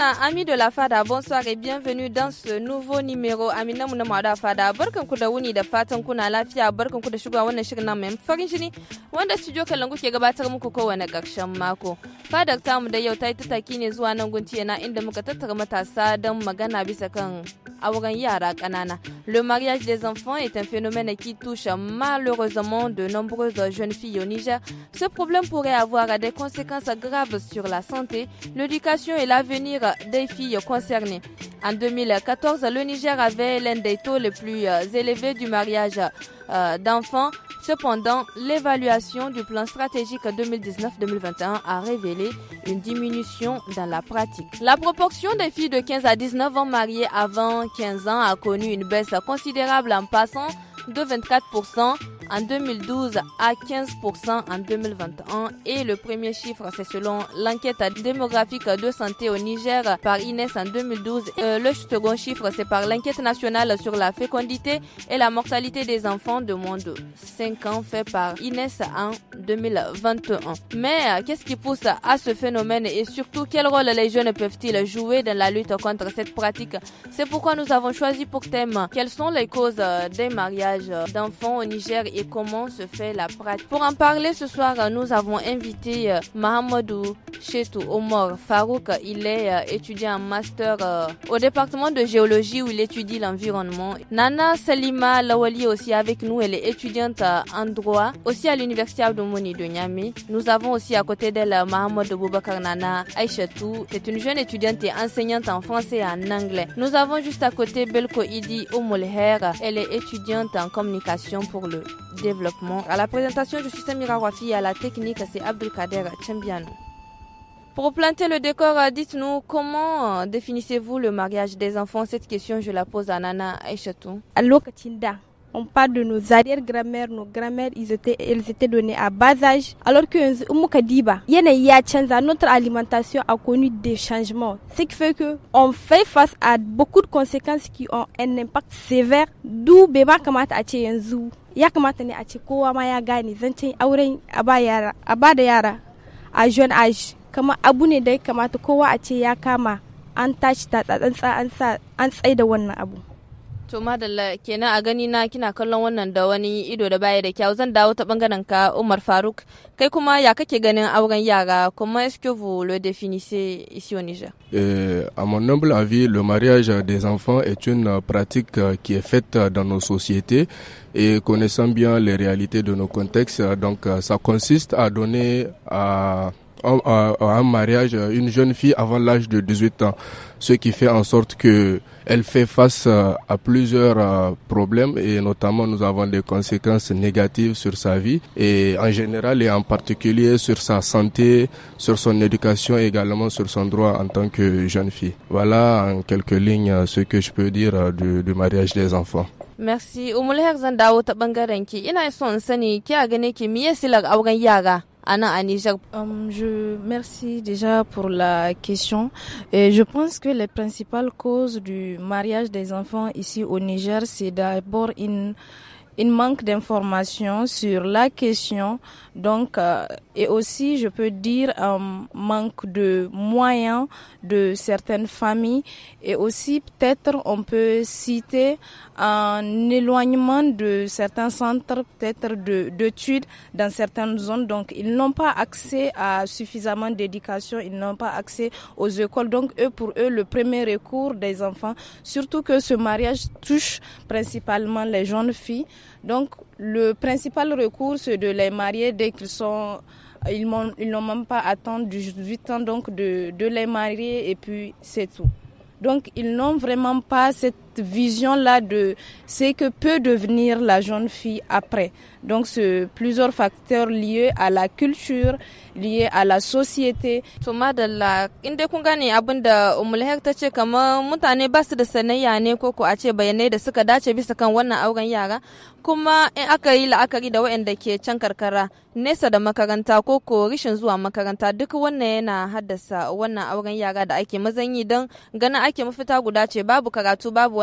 Amina, ami de la Fada, bonsoir et bienvenue dans ce nouveau numéro. Amina Mouna la Fada, barkan ku da wuni da fatan kuna lafiya, barkan ku da shiga wannan shirin nan mai farin jini wanda studio Kalangu ke gabatar muku kowane ƙarshen mako. Fadar mu da yau ta yi tattaki ne zuwa nan guntiya na inda muka tattara matasa don magana bisa kan auren yara ƙanana. Le mariage des enfants est un phénomène qui touche malheureusement de nombreuses jeunes filles au Niger. Ce problème pourrait avoir des conséquences graves sur la santé, l'éducation et l'avenir euh, des filles concernées. En 2014, le Niger avait l'un des taux les plus euh, élevés du mariage euh, d'enfants. Cependant, l'évaluation du plan stratégique 2019-2021 a révélé une diminution dans la pratique. La proportion des filles de 15 à 19 ans mariées avant 15 ans a connu une baisse considérable en passant de 24% en 2012 à 15% en 2021 et le premier chiffre, c'est selon l'enquête démographique de santé au Niger par Inès en 2012. Euh, le second chiffre, c'est par l'enquête nationale sur la fécondité et la mortalité des enfants de moins de 5 ans fait par Inès en 2021. Mais euh, qu'est-ce qui pousse à ce phénomène et surtout quel rôle les jeunes peuvent-ils jouer dans la lutte contre cette pratique C'est pourquoi nous avons choisi pour thème quelles sont les causes des mariages d'enfants au Niger comment se fait la pratique. Pour en parler ce soir, nous avons invité euh, Mahamadou Chetou Omar Farouk. Il est euh, étudiant en master euh, au département de géologie où il étudie l'environnement. Nana Salima Lawali aussi avec nous. Elle est étudiante en droit aussi à l'université Abdoumouni de Niamey. Nous avons aussi à côté d'elle Mahamadou Boubacar Nana Aïchatou. C'est une jeune étudiante et enseignante en français et en anglais. Nous avons juste à côté Belko Idi Omolher. Elle est étudiante en communication pour le développement. À la présentation, je suis Samira Wafi et à la technique, c'est Abdelkader Tchembiano. Pour planter le décor, euh, dites-nous comment euh, définissez-vous le mariage des enfants Cette question, je la pose à Nana Echatou. Allô, Katinda on parle de nos arrière-grand-mères, nos grand-mères, ils étaient, elles étaient données à bas âge. Alors que notre alimentation a connu des changements. Ce qui fait qu'on fait face à beaucoup de conséquences qui ont un impact sévère. D'où Beba Kamat ya kamata ne a ce kowa ma ya gane zancen auren a ba da yara a jeune ash kama abu ne da ya kamata kowa a ce ya kama an tashi ta tsantsa an tsaye da wannan abu To madalla kenan a gani na kina kallon wannan da wani ido da baya da kyau zan dawo ta bangaren ka Umar Faruk kai kuma ya kake ganin auren yara comment est-ce que vous le définissez ici au Niger euh, à mon humble avis le mariage des enfants est une pratique qui est faite dans nos sociétés et connaissant bien les réalités de nos contextes donc ça consiste à donner à un mariage euh, une jeune fille avant l'âge de 18 ans, ce qui fait en sorte que elle fait face euh, à plusieurs euh, problèmes et notamment nous avons des conséquences négatives sur sa vie et en général et en particulier sur sa santé, sur son éducation et également sur son droit en tant que jeune fille. Voilà en quelques lignes ce que je peux dire du, mariage des enfants. Merci. Euh, je merci déjà pour la question. Et je pense que les principales causes du mariage des enfants ici au Niger, c'est d'abord une manque d'informations sur la question, donc euh, et aussi je peux dire un manque de moyens de certaines familles et aussi peut-être on peut citer un éloignement de certains centres, peut-être d'études dans certaines zones. Donc, ils n'ont pas accès à suffisamment d'éducation, ils n'ont pas accès aux écoles. Donc, eux, pour eux, le premier recours des enfants, surtout que ce mariage touche principalement les jeunes filles. Donc, le principal recours, c'est de les marier dès qu'ils sont ils n'ont même pas attendu 18 ans donc de, de les marier et puis c'est tout. Donc ils n'ont vraiment pas cette vision-là de ce que peut devenir la jeune fille après. Donc, ce plusieurs facteurs liés à la culture, liés à la société. To madalla, inda kun gane abin da Umulhek ta ce kamar mutane ba su da sanayya ne ko ko a ce bayanai da suka dace bisa kan wannan auren yara, kuma in aka yi la'akari da waɗanda ke can karkara nesa da makaranta ko ko rishin zuwa makaranta duk wannan yana haddasa wannan auren yara da ake mazan yi don ake mafita guda ce babu karatu babu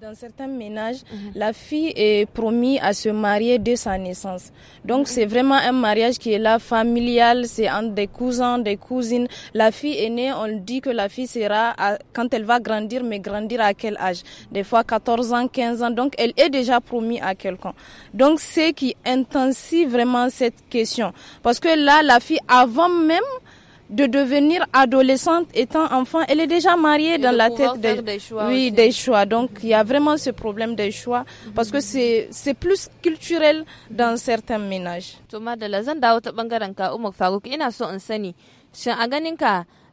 dans certains ménages, la fille est promise à se marier dès sa naissance. Donc c'est vraiment un mariage qui est là familial, c'est entre des cousins, des cousines. La fille est née, on dit que la fille sera quand elle va grandir, mais grandir à quel âge Des fois 14 ans, 15 ans. Donc elle est déjà promise à quelqu'un. Donc c'est qui intensifie vraiment cette question. Parce que là, la fille, avant même de devenir adolescente étant enfant, elle est déjà mariée et dans de la tête de, des choix. Oui, aussi. des choix. Donc il y a vraiment ce problème des choix parce que c'est c'est plus culturel dans certains ménages. Thomas de la zanda dawo ta bangaren ka Umar Faruk ina so in sani shin a ganin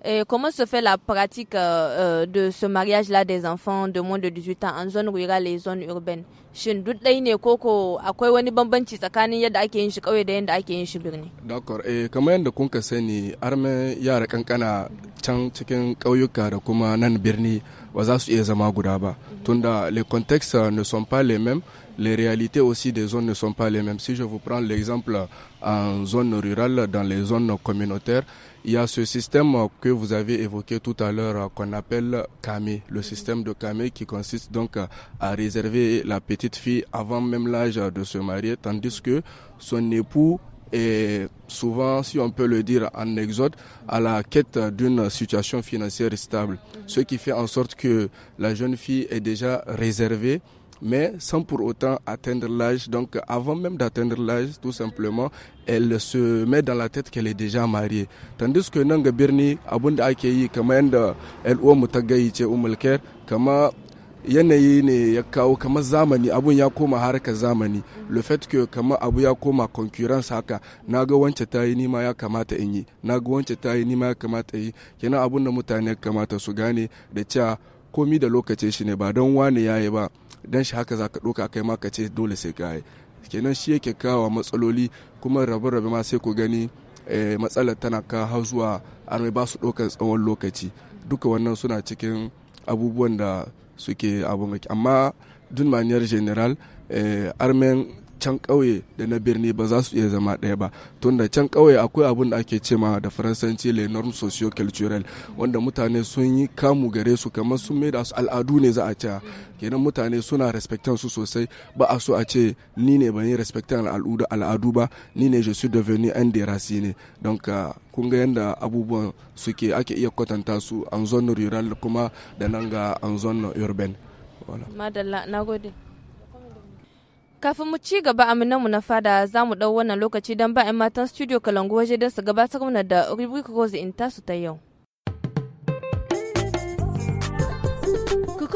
et comment se fait la pratique euh, euh, de ce mariage-là des enfants de moins de 18 ans en zone rurale et zone urbaine Shin duk ne koko akwai wani bambanci tsakanin yadda ake yin shi ƙauye da yadda ake yin shi birni? D'accord, eh kamar yadda kun ka sani arme yara kankana can cikin ƙauyuka da kuma nan birni ba za su iya zama guda ba. Tunda les contextes euh, ne sont pas les mêmes, les réalités aussi des zones ne sont pas les mêmes. Si je vous prends l'exemple euh, en zone rurale, dans les zones communautaires, il y a ce système que vous avez évoqué tout à l'heure euh, qu'on appelle Kame, le système de Kame qui consiste donc à réserver la petite fille avant même l'âge de se marier, tandis que son époux est souvent, si on peut le dire en exode, à la quête d'une situation financière stable. Ce qui fait en sorte que la jeune fille est déjà réservée mais sans pour autant atteindre l'âge. Donc avant même d'atteindre l'âge, tout simplement, elle se met dans la tête qu'elle est déjà mariée. Tandis que nan ga birni abun da ake yi kamar yadda uwa mu ta gayi ce umulker kama yanayi ne ya kawo kamar zamani abun ya koma harkar zamani le fait que kamar abu ya koma concurrence haka na ga wance ta yi nima ya kamata in yi na ga wance ta yi nima ya kamata yi kenan abun da mutane kamata su gane da cewa komi da lokacin shi ne ba don wane yayi ba dan shi haka zaka ɗauka kai ma ka ce dole sai ka yi kenan shi yake kawo matsaloli kuma rabe-rabe ma sai ku gani eh, matsalar tana kawo har zuwa armai ba su ɗaukar tsawon lokaci duka wannan suna cikin abubuwan da suke abun amma dun maniyar general eh, armen can ƙauye da na birni ba za su iya zama ɗaya ba tunda can ƙauye akwai abin da ake cema da faransanci le norme socio culturel wanda mutane sun yi kamu gare su kamar sun maida su al'adu ne za a ce kenan mutane suna respectan su sosai ba a so a ce ni ne ban yi respectan al'adu ba ni ne je suis devenu un des racines donc ah, kun ga yanda abubuwan suke ake iya kwatanta su an zone rural kuma da nan ga an zone urban madalla nagode Kafin mu ci gaba mu na fada za mu ɗau wannan lokaci don ba matan studio Kalangu waje don su gabatar mana da rubrika Rose in tasu ta yau.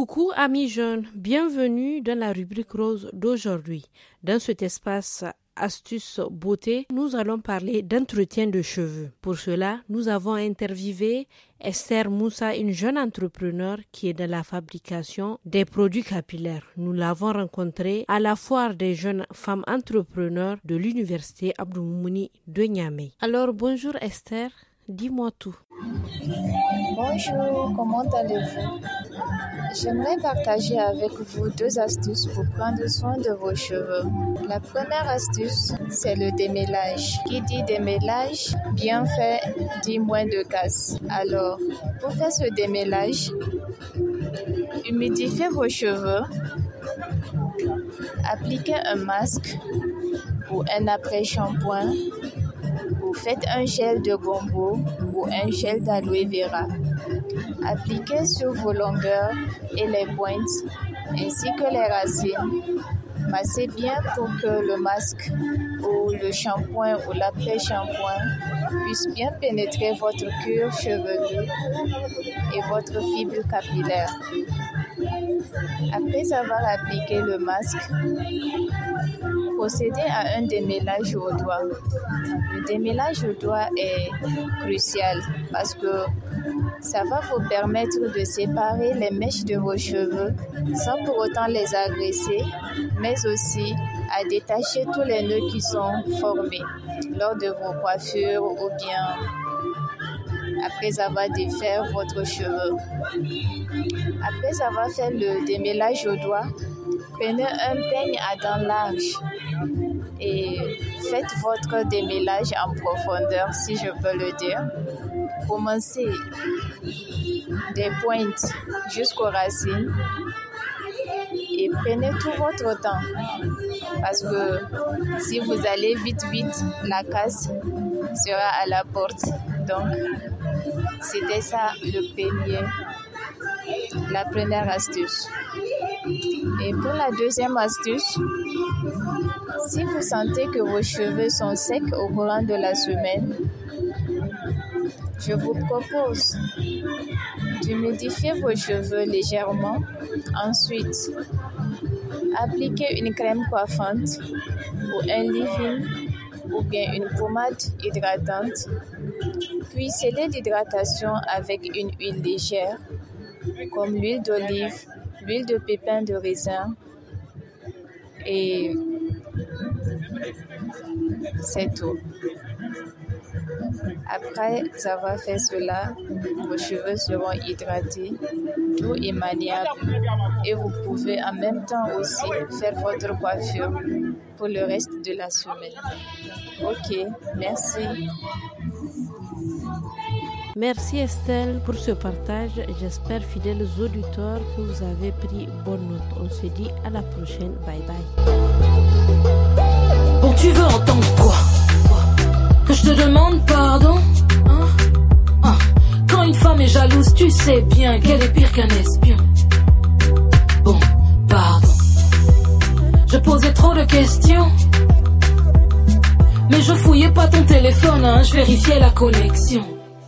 Coucou amis jeunes, bienvenue dans la rubrique rose d'aujourd'hui. Dans cet espace astuce beauté, nous allons parler d'entretien de cheveux. Pour cela, nous avons interviewé Esther Moussa, une jeune entrepreneur qui est dans la fabrication des produits capillaires. Nous l'avons rencontrée à la foire des jeunes femmes entrepreneurs de l'université Abdoumouni de Niamey. Alors bonjour Esther, dis-moi tout. Bonjour, comment allez-vous J'aimerais partager avec vous deux astuces pour prendre soin de vos cheveux. La première astuce, c'est le démêlage. Qui dit démêlage, bien fait, dit moins de casse. Alors, pour faire ce démêlage, humidifiez vos cheveux, appliquez un masque ou un après-shampoing vous faites un gel de gombo ou un gel d'aloe vera. Appliquez sur vos longueurs et les pointes ainsi que les racines. Massez bien pour que le masque ou le shampoing ou l'après-shampoing puisse bien pénétrer votre cuir chevelu et votre fibre capillaire. Après avoir appliqué le masque, procédez à un démêlage au doigt. Le démêlage au doigt est crucial parce que ça va vous permettre de séparer les mèches de vos cheveux sans pour autant les agresser, mais aussi à détacher tous les nœuds qui sont formés lors de vos coiffures ou bien après avoir défait votre cheveu. Après avoir fait le démêlage au doigt, prenez un peigne à dents larges et faites votre démêlage en profondeur, si je peux le dire. Commencez des pointes jusqu'aux racines et prenez tout votre temps parce que si vous allez vite vite la casse sera à la porte donc, c'était ça le premier, la première astuce. Et pour la deuxième astuce, si vous sentez que vos cheveux sont secs au courant de la semaine, je vous propose de modifier vos cheveux légèrement. Ensuite, appliquez une crème coiffante ou un leave ou bien une pommade hydratante puis c'est l'hydratation avec une huile légère, comme l'huile d'olive, l'huile de pépin de raisin et c'est tout. Après avoir fait cela, vos cheveux seront hydratés, tout et maniables. Et vous pouvez en même temps aussi faire votre coiffure pour le reste de la semaine. Ok, merci. Merci Estelle pour ce partage. J'espère, fidèles auditeurs, que vous avez pris bonne note. On se dit à la prochaine. Bye bye. Bon, tu veux entendre quoi Que je te demande pardon hein? Hein? Quand une femme est jalouse, tu sais bien qu'elle est pire qu'un espion. Bon, pardon. Je posais trop de questions. Mais je fouillais pas ton téléphone, hein. je vérifiais la connexion.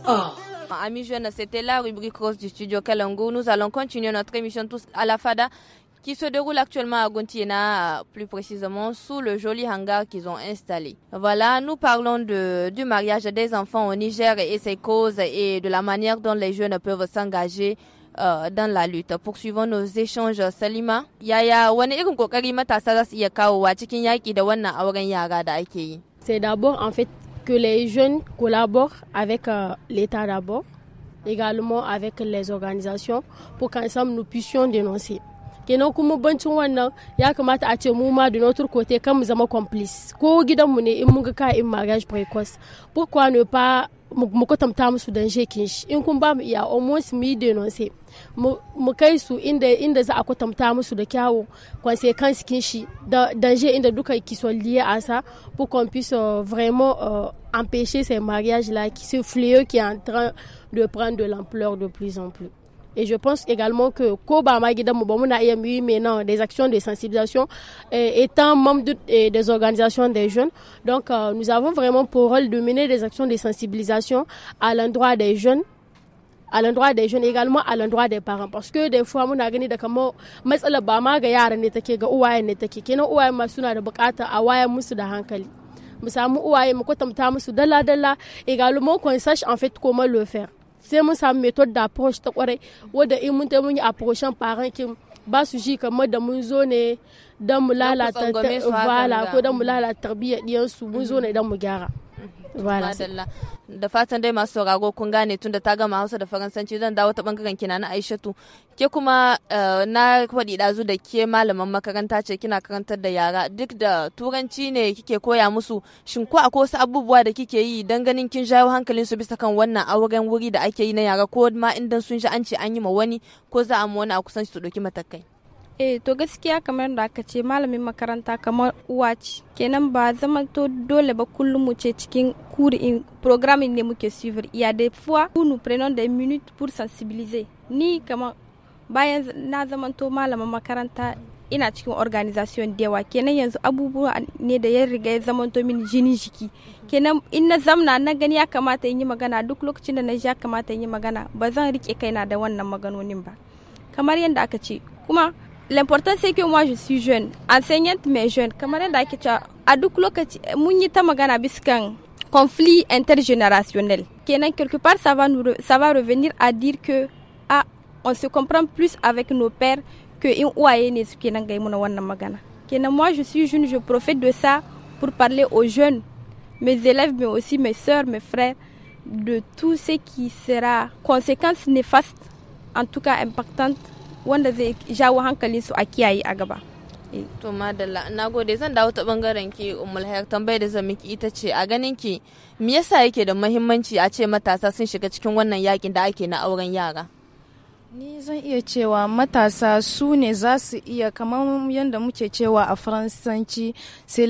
Oh. Amis jeunes, c'était la rubrique rose du studio Kalango. Nous allons continuer notre émission tous à la FADA qui se déroule actuellement à Gontiena, plus précisément sous le joli hangar qu'ils ont installé. Voilà, nous parlons de, du mariage des enfants au Niger et ses causes et de la manière dont les jeunes peuvent s'engager euh, dans la lutte. Poursuivons nos échanges, Salima. Yaya, C'est d'abord en fait que les jeunes collaborent avec euh, l'État d'abord, également avec les organisations, pour qu'ensemble nous puissions dénoncer. kenan kuma bancin wannan ya kamata a ce mu ma notre côté kan nous sommes complices, ko ne in mariage precoce pourquoi ne pas mu kwatanta musu dan shekin shi in kun ba mu iya almost mu yi denonse mu kai su inda za a kwatanta musu da kyawu conséquence kin shi danger inda duka qui sont liés à ça pour qu'on puisse euh, vraiment euh, empêcher ces mariages là qui ce fléau qui est en train de prendre de l'ampleur de plus en plus et je pense également que maintenant des actions de sensibilisation, euh, étant membre euh, des organisations des jeunes. Donc, euh, nous avons vraiment pour rôle de mener des actions de sensibilisation à l'endroit des jeunes à l'endroit des jeunes également à l'endroit des parents parce que des fois da ma ga ne take ga uwaye ne take da bukata a waye musu da hankali mu samu uwaye mu également qu'on sache en fait comment le faire sai mun samu method da approach ta kwarai wadda in mun mun yi an farankin ba su ji kamar da mun zo ne don mu lalata ko don mu lalata tarbiyyar su mun zo ne mm-hmm. don mu gyara da fatan dai masu sauraro kun gane da ta gama hausa da faransanci zan dawo ta bangaren kina na aishatu ke kuma eh, na faɗi ɗazu da ke malaman makaranta ce kina karantar da yara duk da turanci ne kike koya musu shin ko akwai wasu abubuwa da kike yi dan ganin kin jawo hankalin su bisa kan wannan auren wuri da ake yi na yara ko ma inda sun ji an ce an yi ma wani ko za a ma wani a kusanci su ɗauki matakai eh to gaskiya kamar da aka ce malamin makaranta kamar uwa kenan ba zama to dole ba kullum mu ce cikin kuri programin ne muke suivre il da a des fois da nous pour sensibiliser ni kamar bayan na zama to malamin makaranta ina cikin organisation da yawa kenan yanzu abubuwa ne da ya riga ya zama to min jini jiki kenan in na zamna na gani ya kamata in yi magana duk lokacin da na ya kamata in yi magana ba zan rike kaina da wannan maganonin ba kamar yadda aka ce kuma l'important c'est que moi je suis jeune enseignante mais jeune comme on a duk conflit intergénérationnel quelque part ça va ça va revenir à dire que ah, on se comprend plus avec nos pères que nous. ne sont moi je suis jeune je profite de ça pour parler aux jeunes mes élèves mais aussi mes soeurs, mes frères de tout ce qui sera conséquence néfaste en tout cas impactante wanda zai jawo hankali su a kiyaye a gaba eh. to madalla na gode zan dawo ta bangaren ki umul tambayar da zan miki ita ce a ganin ki me yasa yake da muhimmanci a ce matasa sun shiga cikin wannan yakin da ake na auren yara ni zan iya cewa matasa su ne za su iya kamar yadda muke cewa a faransanci c'est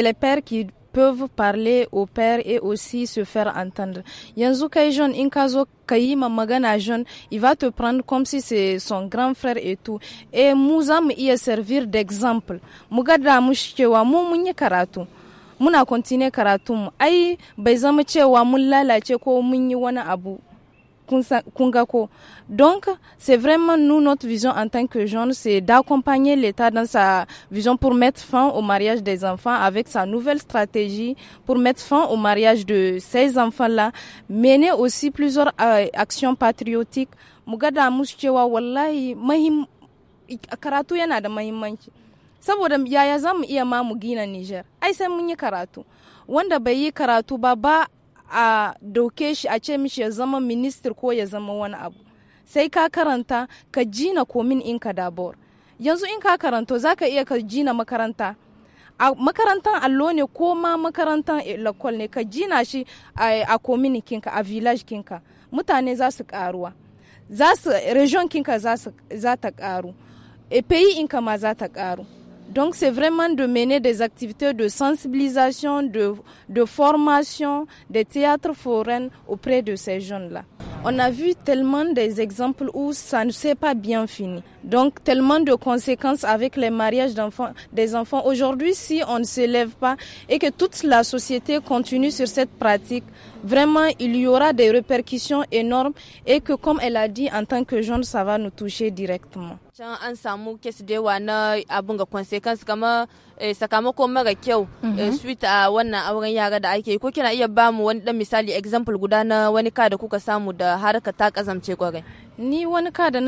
le père qui peuvent parler au père et aussi se faire entendre. Yanzu kai jeune in kai ma magana jeune, il va te prendre comme si c'est son grand frère et tout. Et Mouzam y mu servir d'exemple. Mu gada mushi mu karatu. Muna continue karatum. Ai bai zama cewa mun lalace ko mun abu donc, c'est vraiment nous, notre vision en tant que jeunes, c'est d'accompagner l'État dans sa vision pour mettre fin au mariage des enfants avec sa nouvelle stratégie, pour mettre fin au mariage de ces enfants-là, mener aussi plusieurs euh, actions patriotiques. Mugada wallahi, karatu Niger? a doke shi a ce mishi ya zama ministir ko ya zama wani abu sai ka karanta ka jina komin in ka dabor yanzu in ka karanta za ka iya ka jina makaranta a makarantar allo ne ko ma makarantar lakol ne ka jina shi a komin a village kinka mutane za su karuwa region kinka za ta karu e in ka ma za ta karu Donc c'est vraiment de mener des activités de sensibilisation, de, de formation, des théâtres forains auprès de ces jeunes-là. On a vu tellement des exemples où ça ne s'est pas bien fini. Donc tellement de conséquences avec les mariages d'enfants, des enfants. Aujourd'hui, si on ne s'élève pas et que toute la société continue sur cette pratique, vraiment, il y aura des répercussions énormes et que, comme elle a dit, en tant que jeune, ça va nous toucher directement. can an samu kes da yawa na abin ga consequence kamar sakamako mara kyau suite a wannan auren yara da ake ko kina iya bamu wani dan misali example guda na wani ka da kuka samu da harka ta kazamce kwarai ni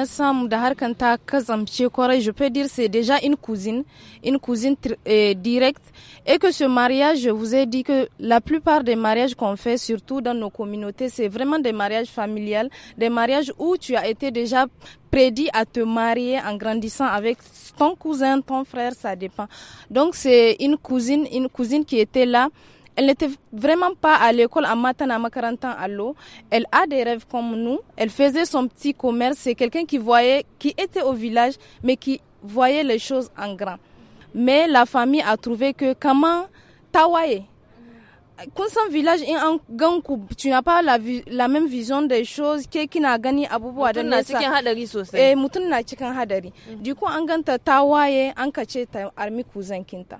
samu je peux dire c'est déjà une cousine une cousine eh, directe et que ce mariage je vous ai dit que la plupart des mariages qu'on fait surtout dans nos communautés c'est vraiment des mariages familiales des mariages où tu as été déjà prédit à te marier en grandissant avec ton cousin ton frère ça dépend donc c'est une cousine une cousine qui était là elle n'était vraiment pas à l'école à 40 ans à l'eau. Elle a des rêves comme nous. Elle faisait son petit commerce. C'est quelqu'un qui voyait, qui était au village, mais qui voyait les choses en grand. Mais la famille a trouvé que comment Tawaye, Quand son village est village, tu n'as pas la, même vision des choses Qui kina gani abubuwa da nesa mutum na cikin hadari sosai eh Tu na cikin hadari mm. du coup an ganta Tawaye, an armi kinta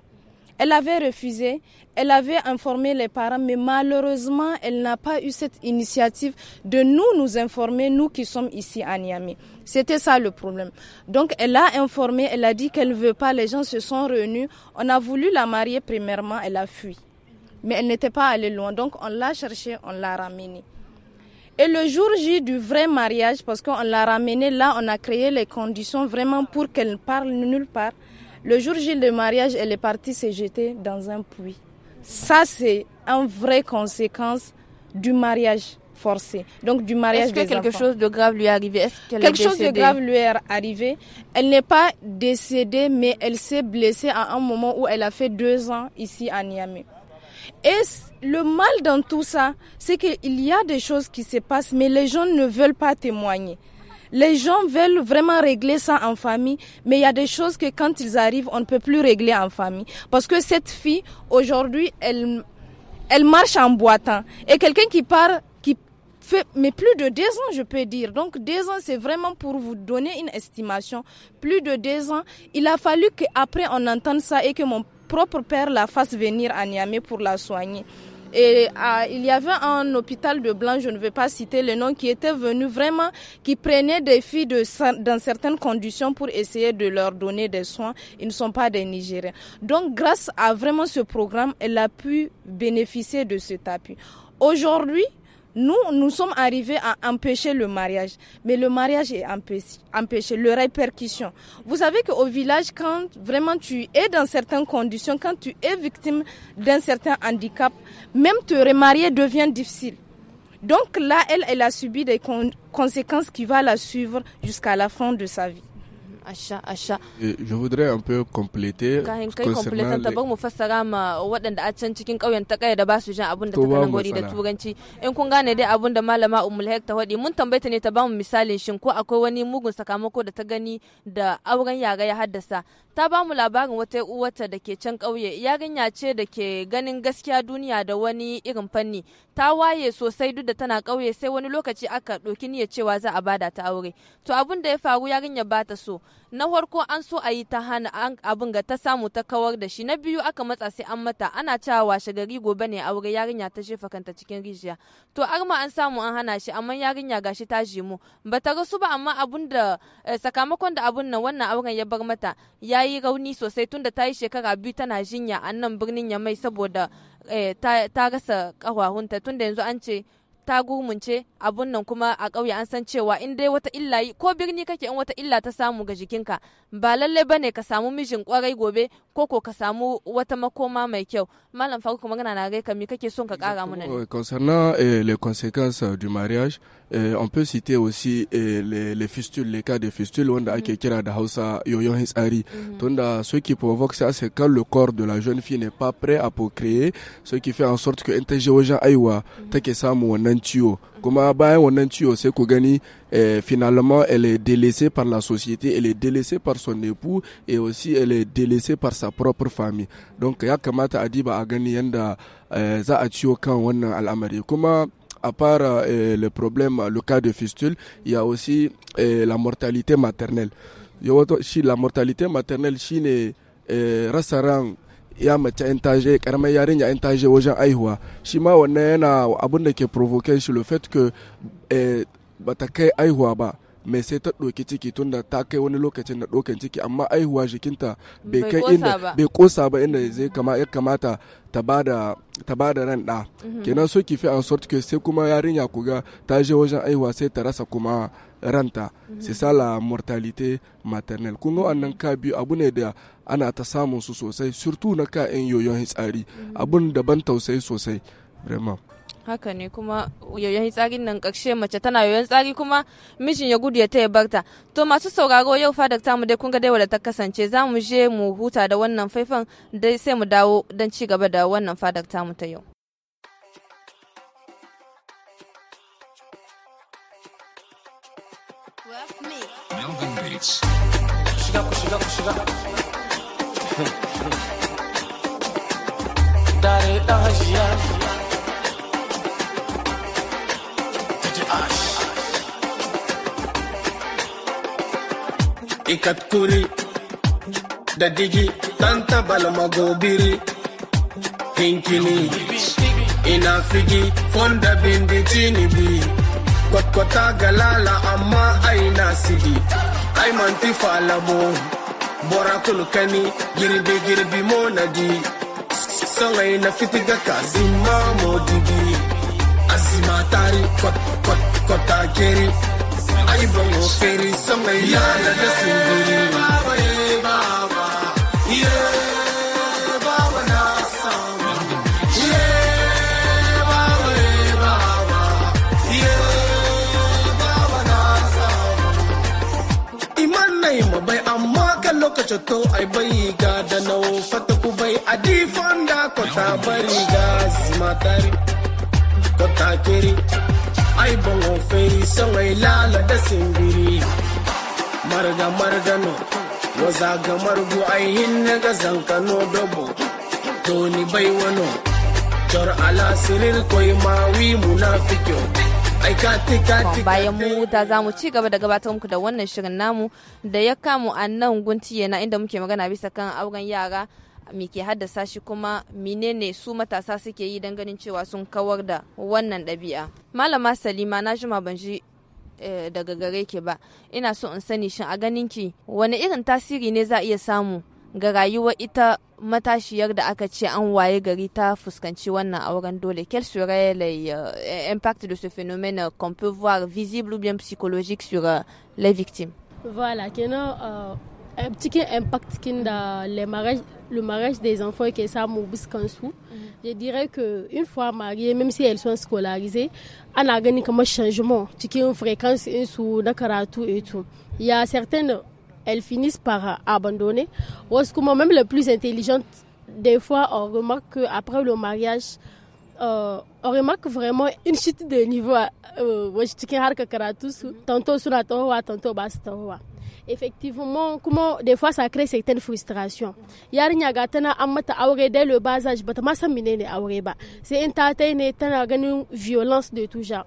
elle avait refusé, elle avait informé les parents, mais malheureusement, elle n'a pas eu cette initiative de nous nous informer, nous qui sommes ici à Niamey. C'était ça le problème. Donc, elle a informé, elle a dit qu'elle ne veut pas, les gens se sont réunis. On a voulu la marier premièrement, elle a fui. Mais elle n'était pas allée loin, donc on l'a cherchée, on l'a ramenée. Et le jour J du vrai mariage, parce qu'on l'a ramenée là, on a créé les conditions vraiment pour qu'elle ne parle nulle part. Le jour du de mariage, elle est partie se jeter dans un puits. Ça, c'est une vraie conséquence du mariage forcé, donc du mariage Est-ce que quelque chose de grave lui est arrivé Quelque chose de grave lui est arrivé. Elle n'est pas décédée, mais elle s'est blessée à un moment où elle a fait deux ans ici à Niamey. Et le mal dans tout ça, c'est qu'il y a des choses qui se passent, mais les gens ne veulent pas témoigner. Les gens veulent vraiment régler ça en famille, mais il y a des choses que quand ils arrivent, on ne peut plus régler en famille. Parce que cette fille, aujourd'hui, elle, elle marche en boitant. Et quelqu'un qui part fait, mais plus de deux ans, je peux dire. Donc, deux ans, c'est vraiment pour vous donner une estimation. Plus de deux ans, il a fallu qu'après on entende ça et que mon propre père la fasse venir à Niamey pour la soigner. Et euh, il y avait un hôpital de blanc, je ne vais pas citer le nom, qui était venu vraiment, qui prenait des filles dans certaines conditions pour essayer de leur donner des soins. Ils ne sont pas des Nigériens. Donc, grâce à vraiment ce programme, elle a pu bénéficier de cet appui. Aujourd'hui, nous, nous sommes arrivés à empêcher le mariage, mais le mariage est empêché, le répercussion. Vous savez qu'au village, quand vraiment tu es dans certaines conditions, quand tu es victime d'un certain handicap, même te remarier devient difficile. Donc là, elle, elle a subi des conséquences qui vont la suivre jusqu'à la fin de sa vie. Asha, Je voudrais un peu compléter. kai complétant ta ma waɗanda a can cikin ƙauyen ta ƙaya da ba su jan abun da ta gori da turanci. In kun gane dai abun da malama umul ta faɗi mun tambaye ta ne ta bamu misalin shin ko akwai wani mugun sakamako da ta gani da auren yare ya haddasa. Ta bamu labarin wata uwata da ke can ƙauye yarinya ce da ke ganin gaskiya duniya da wani irin fanni. Ta waye sosai duk da tana ƙauye sai wani lokaci aka ɗauki niyyar cewa za a bada ta aure. To abun da ya faru yarinya ba ta so. na farko an so a yi ta hana abin ga ta samu ta kawar da shi na biyu aka matsa sai an mata ana cewa washe gari gobe ne aure yarinya ta shefa kanta cikin rijiya to arma an samu an hana shi amma yarinya gashi ta jimu ba ta rasu ba amma abun da eh, sakamakon da abun nan wannan auren ya bar mata ya yi rauni sosai tunda ta yi shekara biyu tana jinya a nan birnin ya mai saboda eh, ta rasa kahwahunta tunda yanzu an ce ta gurmunce abun nan kuma a ƙauye an san cewa in dai wata illa yi ko birni kake in wata illa ta samu ga jikinka ba lallai bane ka samu mijin kwarai gobe ko ko ka samu wata makoma mai kyau malam farko magana na gai kami kake son ka kara mana ne euh, concernant eh, les conséquences euh, du mariage eh, on peut citer aussi eh, les, les fistules les cas de fistules wanda ake mhm. kira da Hausa yoyon hitsari mhm. tunda ce qui provoque ça c'est quand le corps de la jeune fille n'est pas prêt à procréer ce qui fait en sorte que in ta je wajen aiwa take samu wannan comment kuma bayan wannan sai finalement elle est délaissée par la société elle est délaissée par son époux et aussi elle est délaissée par sa propre famille donc ya a diba a gani euh, yanda za a kan wannan à part euh, le problème, le cas de fistule, il y a aussi euh, la mortalité maternelle. la mortalité maternelle shine eh, ya mace yan taje karamar yarinya in ta wajen aihuwa shi ma wannan yana abin da ke provoke shi le fait que eh, ta kai aihuwa ba mai sai ta ɗauki ciki tun da ta kai wani lokacin na ɗokan ciki amma aihuwa jikinta bai kai inda bai kosa ba inda zai kama ya kamata ta ba da ran ɗa kenan so ki fi an sort ke sai kuma yarinya ku ga ta je wajen aihuwa sai ta rasa kuma ranta sai sa la mortalité maternelle kun ga wannan ka biyu abu ne da ana ta samun su sosai surtout na ka yan yoyon tsari abun daban tausayi sosai vraiment haka ne kuma yoyon tsagin nan ƙarshe mace tana yoyon tsari kuma mijin ya gudu ya ta barta to masu sauraro yau dakta mu dai kun ga dai wadda ta kasance za mu je mu huta da wannan faifan dai sai mu dawo don ci gaba da wannan dakta mu ta yau Dare hajiya. ikat kuri da digi tanta tabal magobiri hinkini ina figi fonda bindi tinibi kwakwata galala amma aina sigi ai manti falamo bora kulkani girbi girbi monadi sangai na fitiga kazima modibi asima tari kwat kwat kwata geri ai ba sama ya singuri eh, eh, bai amma lokacin to ai bai ga da nau fata ku bai a difan da ko bari ga zimatari ko kiri aiban ofai sanwai lala da simbiri marga marga wa waza ga margo aihin na gazan kano dobo ni bai wano jar alasirir koi mawi munafiki bayan mu da za mu ci gaba da gabatar muku da wannan shirin namu da ya kamu a nan gunti yana inda muke magana bisa kan auren yara me ke haddasa shi kuma menene su matasa suke yi don ganin cewa sun kawar da wannan ɗabi'a malama salima na jima ban ji eh, daga gare ki ba ina so in sani shin a ganin ki wani irin tasiri ne za a iya samu ga rayuwar ita matashiyar da aka ce an waye gari ta fuskanci wannan auren dole quel serait euh, impact de ce phénomène qu'on peut voir visible ou bien psychologique sur euh, les victimes voilà non euh, petit impact qui le mariage le mariage des enfants que ça m'oubis mhm. je dirais que une fois mariées même si elles sont scolarisées ana gani un changement une fréquence un sou, na et tout il y a certaines elles finissent par abandonner que même les plus intelligentes des fois on remarque qu'après le mariage euh, on remarque vraiment une chute de niveau euh, qui mhm. tantôt sur la tantôt effectivement comment des fois ça crée certaines frustrations yarinya ga tana amata mata aure dans le bas âge bata ma san menene aure ba c'est in ta une ne tana une violence de tout genre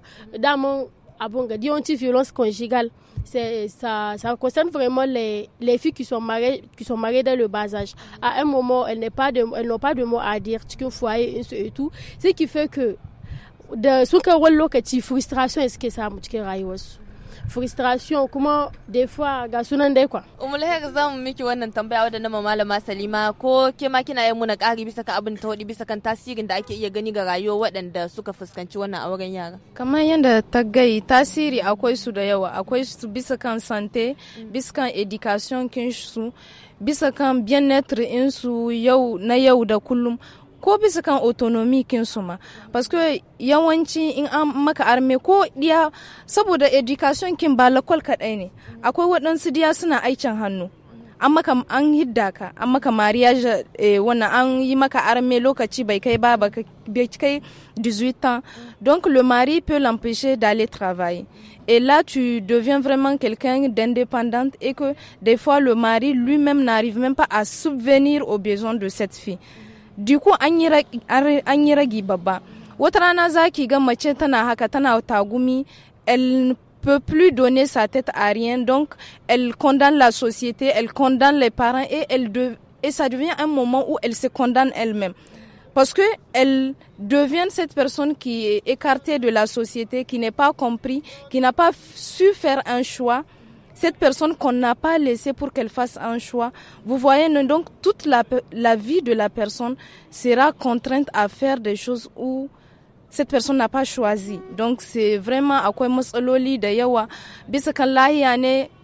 mon ah abonga dit anti violence conjugale c'est ça ça concerne vraiment les les filles qui sont mariées qui sont mariées dès le bas âge à un moment elles n'ont pas de elles n'ont pas de mots à dire tu foyer et tout ce qui fait que da suka que tu frustration suke qui cikin rayuwarsu frustration kuma da fa ga sunan dai kwa umulhe ga zamu miki wannan tambaya wadda na malama salima ko ke ma kina yin muna ƙari bisa ka abin ta hudu bisa kan tasirin da ake iya gani ga rayuwar waɗanda suka fuskanci wannan auren yara kamar yadda ta gai tasiri akwai su da yawa akwai su bisa kan sante mm. bisa kan education kin su bisa kan bien-être insu yau na yau da kullum ko bisa kan autonomy suma parce que yawanci in an maka arme ko diya saboda education kin ba lakwal kaɗai ne akwai waɗansu diya suna aikin hannu an maka an hidda ka an maka mariage eh, wannan an yi maka arme lokaci bai kai ba bai kai 18 ans donc le mari peut l'empêcher d'aller travailler et là tu deviens vraiment quelqu'un d'indépendante et que des fois le mari lui-même n'arrive même pas à subvenir aux besoins de cette fille du coup, elle ne elle peut plus donner sa tête à rien donc elle condamne la société elle condamne les parents et elle et ça devient un moment où elle se condamne elle-même parce que elle devient cette personne qui est écartée de la société, qui n'est pas compris, qui n'a pas su faire un choix cette personne qu'on n'a pas laissée pour qu'elle fasse un choix. Vous voyez, donc toute la, vie de la personne sera contrainte à faire des choses où cette personne n'a pas choisi. Donc c'est vraiment à quoi matsaloli yawa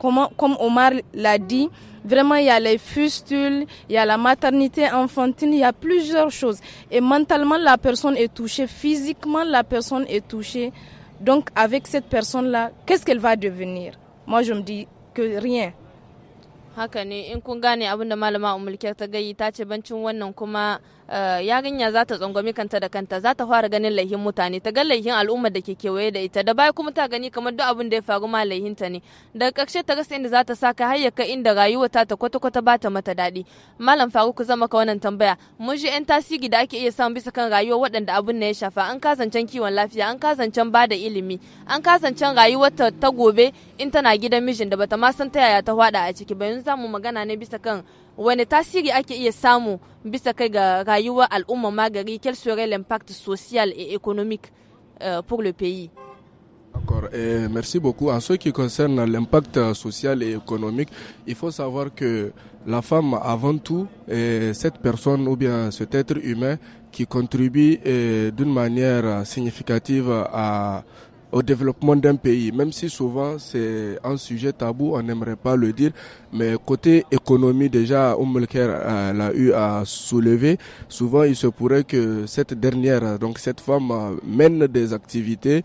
comme Omar l'a dit, vraiment il y a les fustules, il y a la maternité enfantine, il y a plusieurs choses et mentalement la personne est touchée, physiquement la personne est touchée. Donc avec cette personne là, qu'est-ce qu'elle va devenir moi je me dis que rien haka ne in kun gane abin da malama umulke ta gayi ta ce bancin wannan kuma Eh, yarinya za ta tsangwami kanta da kanta za ta fara ganin laihin mutane ta ga laihin al'ummar da ke kewaye da ita da baya kuma ta gani kamar duk abin da ya faru ma laihinta ne daga ƙarshe ta rasa inda za ta saka har ya kai inda rayuwa ta ta kwata kwata ba ta mata daɗi malam faru faruk zama ka wannan tambaya mun ji yan tasiri da ake iya samu bisa kan rayuwa waɗanda abin na ya shafa an kazancen kiwon lafiya an kazancen ba da ilimi an kazancen rayuwata ta gobe in tana gidan mijin da bata ma san ta yaya ta hwada a ciki ba yanzu za mu magana ne bisa kan wani tasiri ake iya samu bisa kai quel serait l'impact social et économique euh, pour le pays D'accord, et merci beaucoup. En ce qui concerne l'impact social et économique, il faut savoir que la femme, avant tout, est cette personne ou bien cet être humain qui contribue euh, d'une manière significative à au développement d'un pays, même si souvent c'est un sujet tabou, on n'aimerait pas le dire, mais côté économie déjà, Oumulker euh, l'a eu à soulever, souvent il se pourrait que cette dernière, donc cette femme euh, mène des activités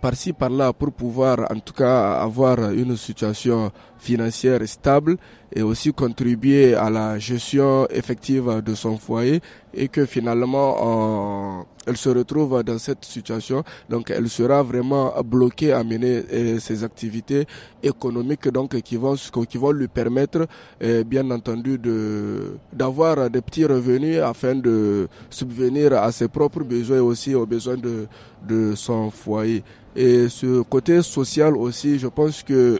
par-ci par-là pour pouvoir en tout cas avoir une situation financière stable et aussi contribuer à la gestion effective de son foyer et que finalement euh, elle se retrouve dans cette situation donc elle sera vraiment bloquée à mener euh, ses activités économiques donc qui vont qui vont lui permettre euh, bien entendu de d'avoir des petits revenus afin de subvenir à ses propres besoins et aussi aux besoins de de son foyer et ce côté social aussi je pense que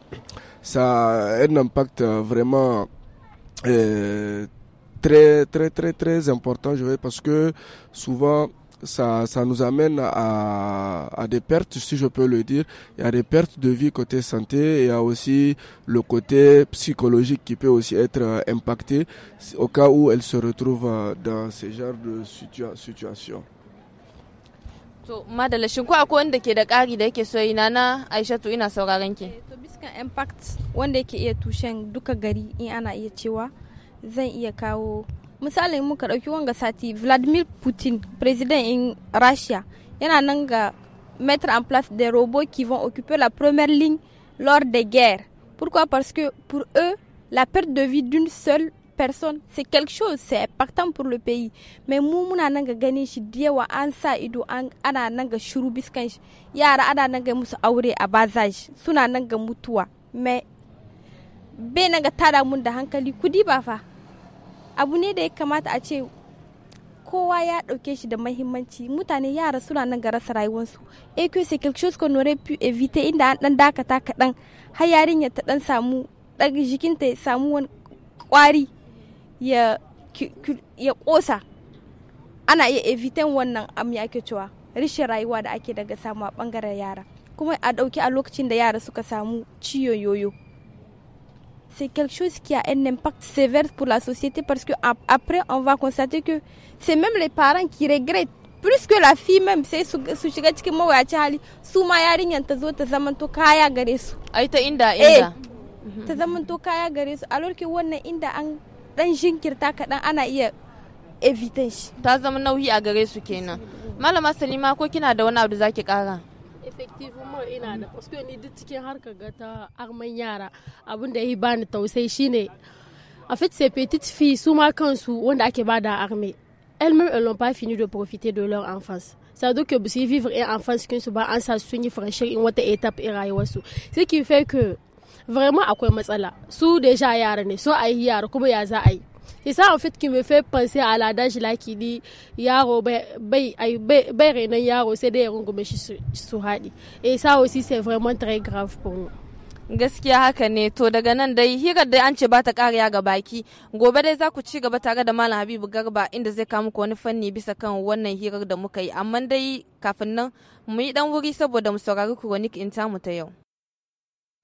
ça a un impact euh, vraiment euh, très très très très important, je vais parce que souvent ça, ça nous amène à, des pertes, si je peux le dire. Il y a des pertes de vie côté santé et il y a aussi le côté psychologique qui peut aussi être euh, impacté au cas où elle se retrouve dans ce genre de situation. To madalla shin ko akwai wanda ke da ƙari da yake so ina na Aishatu ina sauraron ki. Eh, to biskan impact wanda yake iya tushen duka gari in ana iya cewa zan iya kawo misalin muka ɗauki wanga sati Vladimir Putin president in Russia yana nan ga mettre en place des robots qui vont occuper la première ligne lors des guerres. Pourquoi Parce que pour eux, la perte de vie d'une seule personne c'est quelque chose c'est important pour le pays mais mu muna nanga ga ganin shi da yawa an sa ido ana nan ga shiru biskan shi yara ana nan ga musu aure a bazaj suna nan ga mutuwa mais bai nan ga tada mun da hankali kudi ba fa abu ne da ya kamata a ce kowa ya ɗauke shi da mahimmanci mutane yara suna nan ga rasa rayuwarsu eq c'est quelque chose qu'on aurait pu éviter inda an dan dakata kaɗan har yarinya ta dan samu ɗan jikinta ya samu wani kwari ya ya kosa ana iya evitan wannan am ya ake cewa rishin rayuwa da ake daga samu a bangaren yara kuma a ɗauki a lokacin da yara suka samu ciwon yoyo c'est quelque chose qui a un impact sévère pour la société parce que après on va constater que c'est même les parents qui regrettent plus que la fille même sai su shiga cikin mawuyaci hali su ma yarinyan ta zo ta to kaya gare su ai ta inda inda eh, ta to kaya gare su alors que wannan inda an dan jinkirta kaɗan ana iya evitan shi ta zama nauyi a gare su kenan malama salima ko kina da wani abu da zaki kara effectivement ina da parce que ni duk cikin harka ga ta arman yara abin da ya bani tausayi shine en fait ces petites filles su ma kansu wanda ake bada arme elles même elles n'ont pas fini de profiter de leur enfance c'est-à-dire que si vivre une enfance qu'une souvent en s'assurer franchir une autre étape et su ce qui fait que vraiment akwai matsala su deja yara ne so a yi yara kuma ya za a yi c'est ça en fait qui me fait penser à l'adage yaro bai renan yaro sai dai rungume shi su haɗi et ça aussi c'est vraiment très grave pour gaskiya haka ne to daga nan dai hirar dai an ce ba ta kariya ga baki gobe dai za ku ci gaba tare da malam habibu garba inda zai kawo muku wani fanni bisa kan wannan hirar da muka yi amma dai kafin nan mu yi dan wuri saboda mu saurari ku wani in ta yau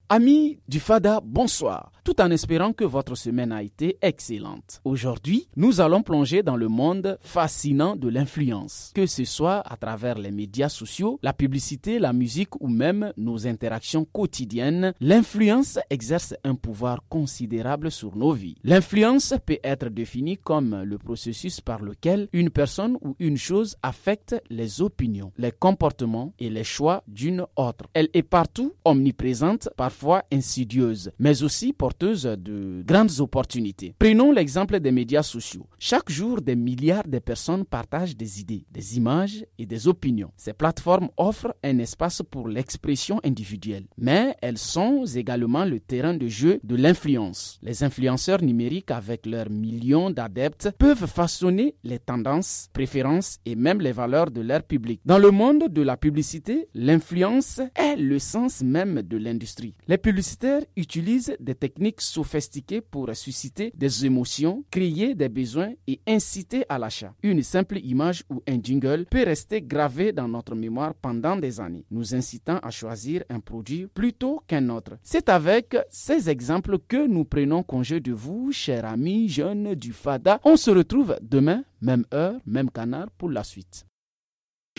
Amis du Fada, bonsoir, tout en espérant que votre semaine a été excellente. Aujourd'hui, nous allons plonger dans le monde fascinant de l'influence, que ce soit à travers les médias sociaux, la publicité, la musique ou même nos interactions quotidiennes. L'influence exerce un pouvoir considérable sur nos vies. L'influence peut être définie comme le processus par lequel une personne ou une chose affecte les opinions, les comportements et les choix d'une autre. Elle est partout, omniprésente, par fois insidieuses, mais aussi porteuses de grandes opportunités. Prenons l'exemple des médias sociaux. Chaque jour, des milliards de personnes partagent des idées, des images et des opinions. Ces plateformes offrent un espace pour l'expression individuelle, mais elles sont également le terrain de jeu de l'influence. Les influenceurs numériques, avec leurs millions d'adeptes, peuvent façonner les tendances, préférences et même les valeurs de leur public. Dans le monde de la publicité, l'influence est le sens même de l'industrie. Les publicitaires utilisent des techniques sophistiquées pour susciter des émotions, créer des besoins et inciter à l'achat. Une simple image ou un jingle peut rester gravé dans notre mémoire pendant des années, nous incitant à choisir un produit plutôt qu'un autre. C'est avec ces exemples que nous prenons congé de vous, chers amis jeunes du FADA. On se retrouve demain, même heure, même canard pour la suite.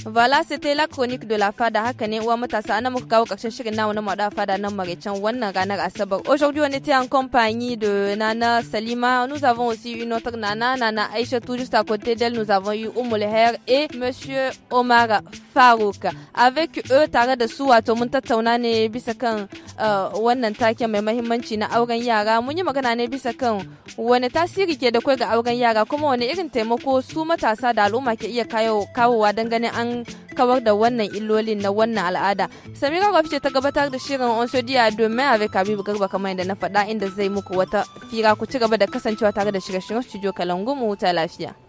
Voilà, c'était la chronique de la fada hakane wa matasa kawo na Aujourd'hui on était en compagnie de Nana Salima, nous avons aussi une autre Nana, Nana Aisha tout juste à côté d'elle nous avons eu Oumouleher et monsieur Omar Farouk. Avec eux Tara de Soua, Tomunta mun tattauna ne bisa kan euh, wannan taken mai mahimmanci na auren yara mun yi magana ne bisa kan wani tasiri ke da kai ga auren yara kuma wani irin taimako su matasa da al'umma ke iya kawowa dangane an an kawar da wannan illolin na wannan al'ada samira rafi ce ta gabatar da shirin diya domin avec habibu garba kamar yadda na faɗa inda zai muku wata fira ku ci gaba da kasancewa tare da shirye-shiryen studio kalangu mu huta lafiya